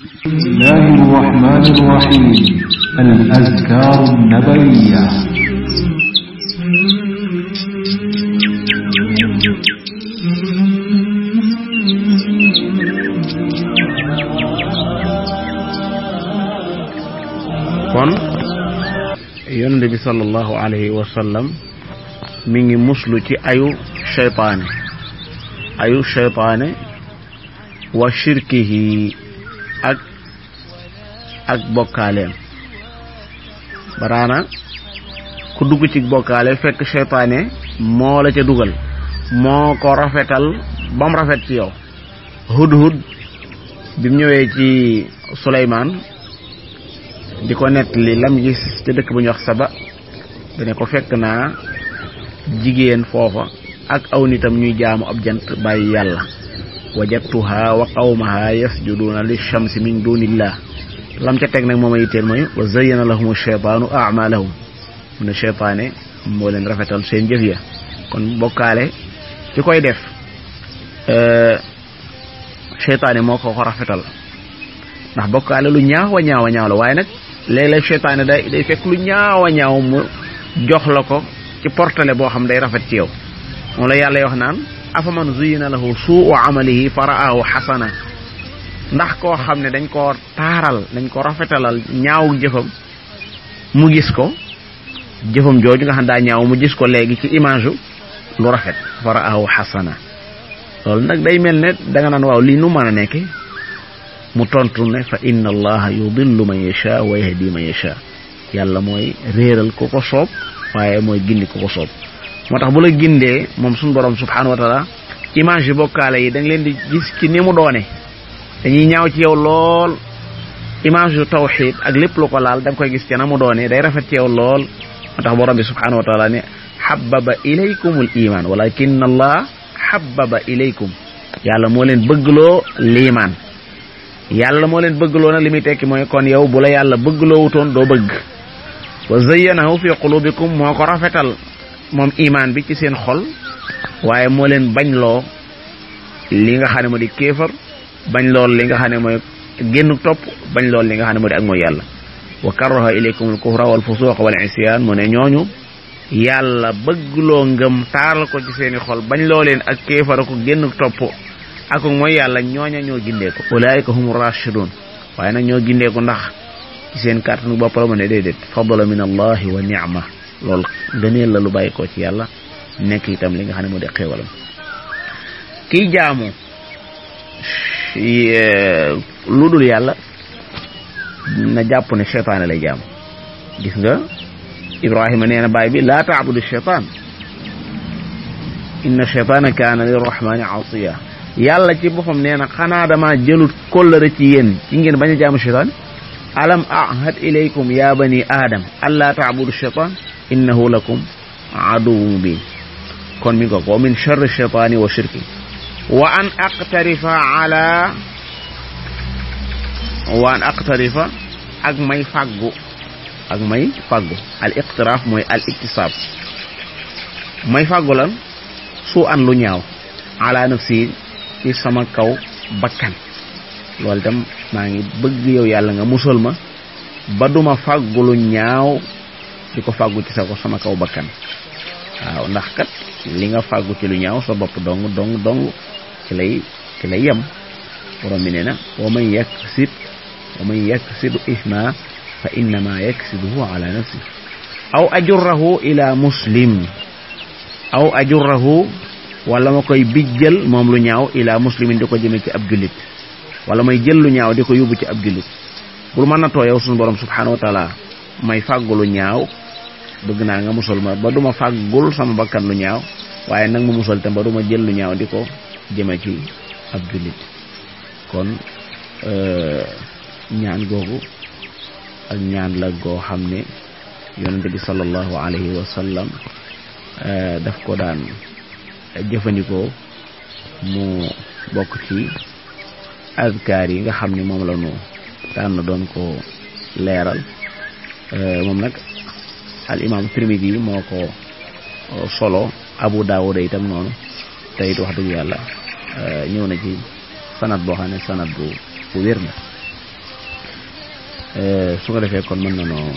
بسم الله الرحمن الرحيم الأذكار النبوية kon yonent bi sallallahu alayhi wa sallam mi ngi muslu ci ayu seytaane ayu seytaane wa shirkihi ak ak bokkaaleem baraana ku dugg ci bokkaale fekk seytaane moo la ca dugal moo ko rafetal ba rafet ci yow hudhud bi mu ñëwee ci Suleymaan di ko nettali lam ca dëkk bu ñu wax Saba dane ko fekk naa jigéen foofa ak aw nitam ñuy jaamu ab jant bàyyi yàlla wajadtuha wa qawmaha yasjuduuna lishamsi min dunillah lam ca teg nag mooma yitteel mooy wa zayyana lahum cheytaanu amalahum mu ne cheytaane moo leen rafetal seen jëf ya kon bokkaale ki koy def cheytaane euh, moo ko ko rafetal ndax bokkaale lu ñaawa ñaawa ñaaw waaye nag léeg-léeg cheytaane day day fekk lu ñaawa ñaaw mu jox la ko ci portale boo xam day rafet ci yow moom la yàlla wax naan afa afaman zuyina lahu suu amalihi fa raahu xasana ndax koo xam ne dañ ko taaral dañ koo rafetalal ñaaw jëfam mu gis ko jëfam jooju nga xam daa ñaaw mu gis ko léegi ci image lu rafet fa raahu xasana loolu nag day mel ne danga naan waaw lii nu mën a nekke mu tontu ne fa inna allaha yudillu man yasha wa yahdi man yasha yàlla mooy réeral ku ko soob waaye mooy gindi ku ko soob moo tax bu la gindee moom suñu borom subhanahu wa taala image yu bokkaale yi da leen di gis ci ni mu doone dañuy ñaaw ci yow lool image yu tawxid ak lépp lu ko laal da koy gis ci na mu doone day rafet ci yow lool moo tax borom bi subhanahu wa taala ne xababa ilaykum al iman walakin allah xababa ilaykum yàlla moo leen bëggloo liimaan yàlla moo leen bëggloo nag li muy tekki mooy kon yow bu la yàlla bëggloo wutoon doo bëgg wa zayyanahu fi qulubikum moom imaan bi ci seen xol waaye moo leen bañ loo li nga xam ne moo di kéefar bañ lool li nga xam ne mooy génn topp bañ lool li xam ne moo di ak mooy yàlla wa karaha ilaykum al kufra wal fusuqa wal isyan moo ne ñooñu yàlla bëggloo ngëm taaral ko ci seeni xol bañ loo leen ak kéefar ko génn topp ak mooy yàlla ñooña ñoo gindeeku ulaayika hum rachidun waaye nag ñoo ko ndax ci seen kàttanu bopp la mu ne déedéet fadla min allahi wa ni'ma loolu gëneel la lu bàyyi ko ci yàlla nekk itam li nga xam ne moo di xéewalam kiy eh, lu dul yàlla na jàpp ne cheytaane lay jaamu gis nga ibrahima nee na baay bi laa taabudu cheytaan inna cheytaana kaana lirrahmani asiya yàlla ci boppam nee na xanaa dama jëlut ci yéen ci ngeen bañ a jaamu cheytaan alam ahad ilaykum ya bani adam an laa taabudu cheytaan innahu lakum aduwwun mubin kon mi ngi ko min sharri shaytaani wa shirki wa an aqtarifa ala may fàggu ak may fàggu al iqtiraaf mooy al iktisaab may fàggu lan su lu ñaaw ala nafsi ci sama kaw bakkan loolu itam maa yàlla nga musul ma ba duma ñaaw di ko fàggu ci sa ko sama kaw bakkan waaw ndax kat li nga fàggu ci lu ñaaw sa bopp dong dong dong ci lay ci lay borom bi nee na wa man yaksib wa man yaksibu isma fa innama yaksibuhu ala nafsi aw ajurrahu ma koy bijjël moom lu ñaaw ila muslimin di ko jëme ci ab jullit wala may jël lu ñaaw di ko yóbbu ci ab jullit bul mën a tooyaw suñu borom subhanahu wa may fàggulu ñaaw bëgg naa nga musal ma ba duma fàggul sama bakkan lu ñaaw waaye nag ma musal tam ba duma jël lu ñaaw di ko jëme ci ab jullit kon euh, ñaan googu ak ñaan la goo xam ne yonente bi sallallahu alayhi wa sallam euh, daf ko daan jëfandikoo mu bokk ci azkaar yi nga xam ne moom la ñu daan doon ko leeral Euh, moom nag al imam Tirmidi moo ko euh, solo Abu Daawud itam noonu te it wax yàlla euh, ñëw na ci sanad boo xam ne sanad bu bu wér na su ko defee kon mën na noo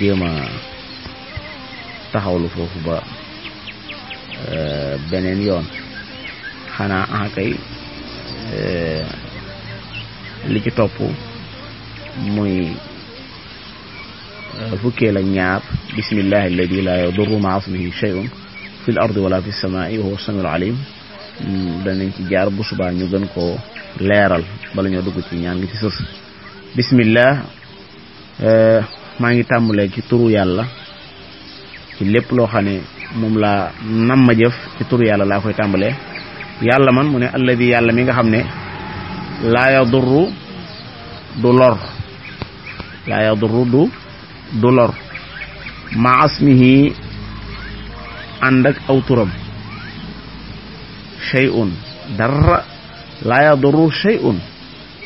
jéem taxawlu foofu ba beneen yoon xanaa ah kay li ci topp muy fukkeel ak ñaar bismillahi alladi la yadurru ma ismihi shay'un fil ardi wala fis samaa'i wa huwa samiul danañ ci jaar bu subaa ñu gën ko leeral bala ñoo dugg ci ñaan gi ci suuf eh, maa ngi tàmbalee ci turu yàlla ci lépp loo xam ne moom laa nam ci turu yàlla laa koy tàmbalee yàlla man mu ne alladi yàlla mi nga xam ne la yadurru du lor du maas mi asmihi ànd ak aw turam shay'un dara laa yadurru shay'un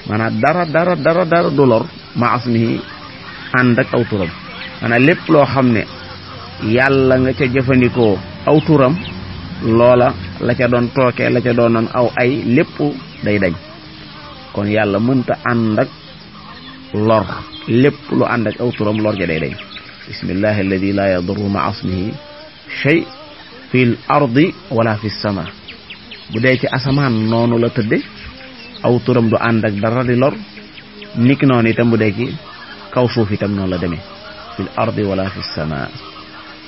maanaam dara dara dara dara du lor ma asmihi ànd ak aw turam maanaam lépp loo xam ne yàlla nga ca jëfandikoo aw turam loola la ca doon tooke la ca doonoon aw ay lépp day dañ kon yàlla mënta ànd ak lor lépp lu ànd aw turam lor ja day dañ bismillahi alladi laa yadurru ma asmihi shay fi l ardi wala fi sama bu dee ci asamaan noonu la tëdde aw turam du ànd ak dara di lor niki noonu itam bu dee ci kaw suuf itam noonu la demee fi ardi wala fi sama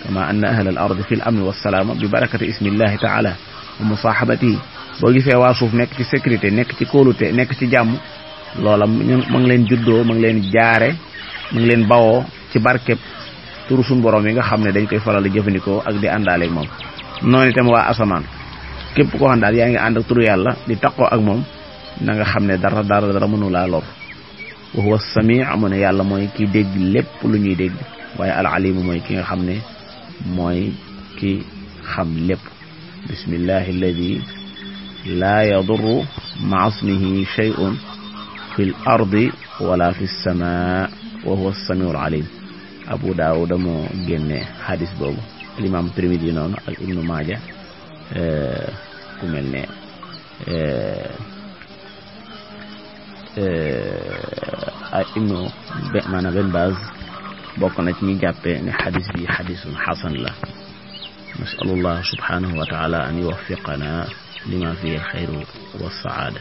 kama anna ahla ardi fi l amni wassalaama bi barakati ismillahi taala wa musaahabatihi boo gisee waa suuf nekk ci sécurité nekk ci kóolute nekk ci jàmm loola ma ngi leen juddoo ma ngi leen jaare ma leen bawoo ci barkeb turu suñu borom yi nga xam ne dañ koy faral di jëfandikoo ak di àndaaleeg moom noonu itam waa asamaan képp ko xam daal yaa ngi ànd ak turu yàlla di taqoo ak moom na nga xam ne dara dara dara mënu laa lor wa huwa sami amu ne yàlla mooy ki dégg lépp lu ñuy dégg waaye al alimu mooy ki nga xam ne mooy ki xam lépp bismillahi alladi laa yadurru ma asmihi shay'un fi l ardi wala fi lsama wa abu daawuda moo génne xadis boobu alimam Tirmidi noonu ak ibnu maaja eh, ku mel ne eh, eh, ay ibnu maanaam benn base bokk na ci ñi jàppee bi xadisun xasan la nasalullah subhanahu wa taala an yuwaffiqana lima fihi alxayru wa saada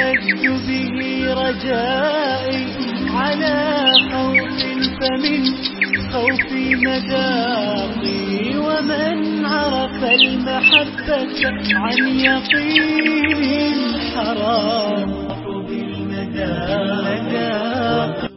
رجائي على خوف فمن خوفي مذاقي ومن عرف المحبة عن يقين حرام بالمذاق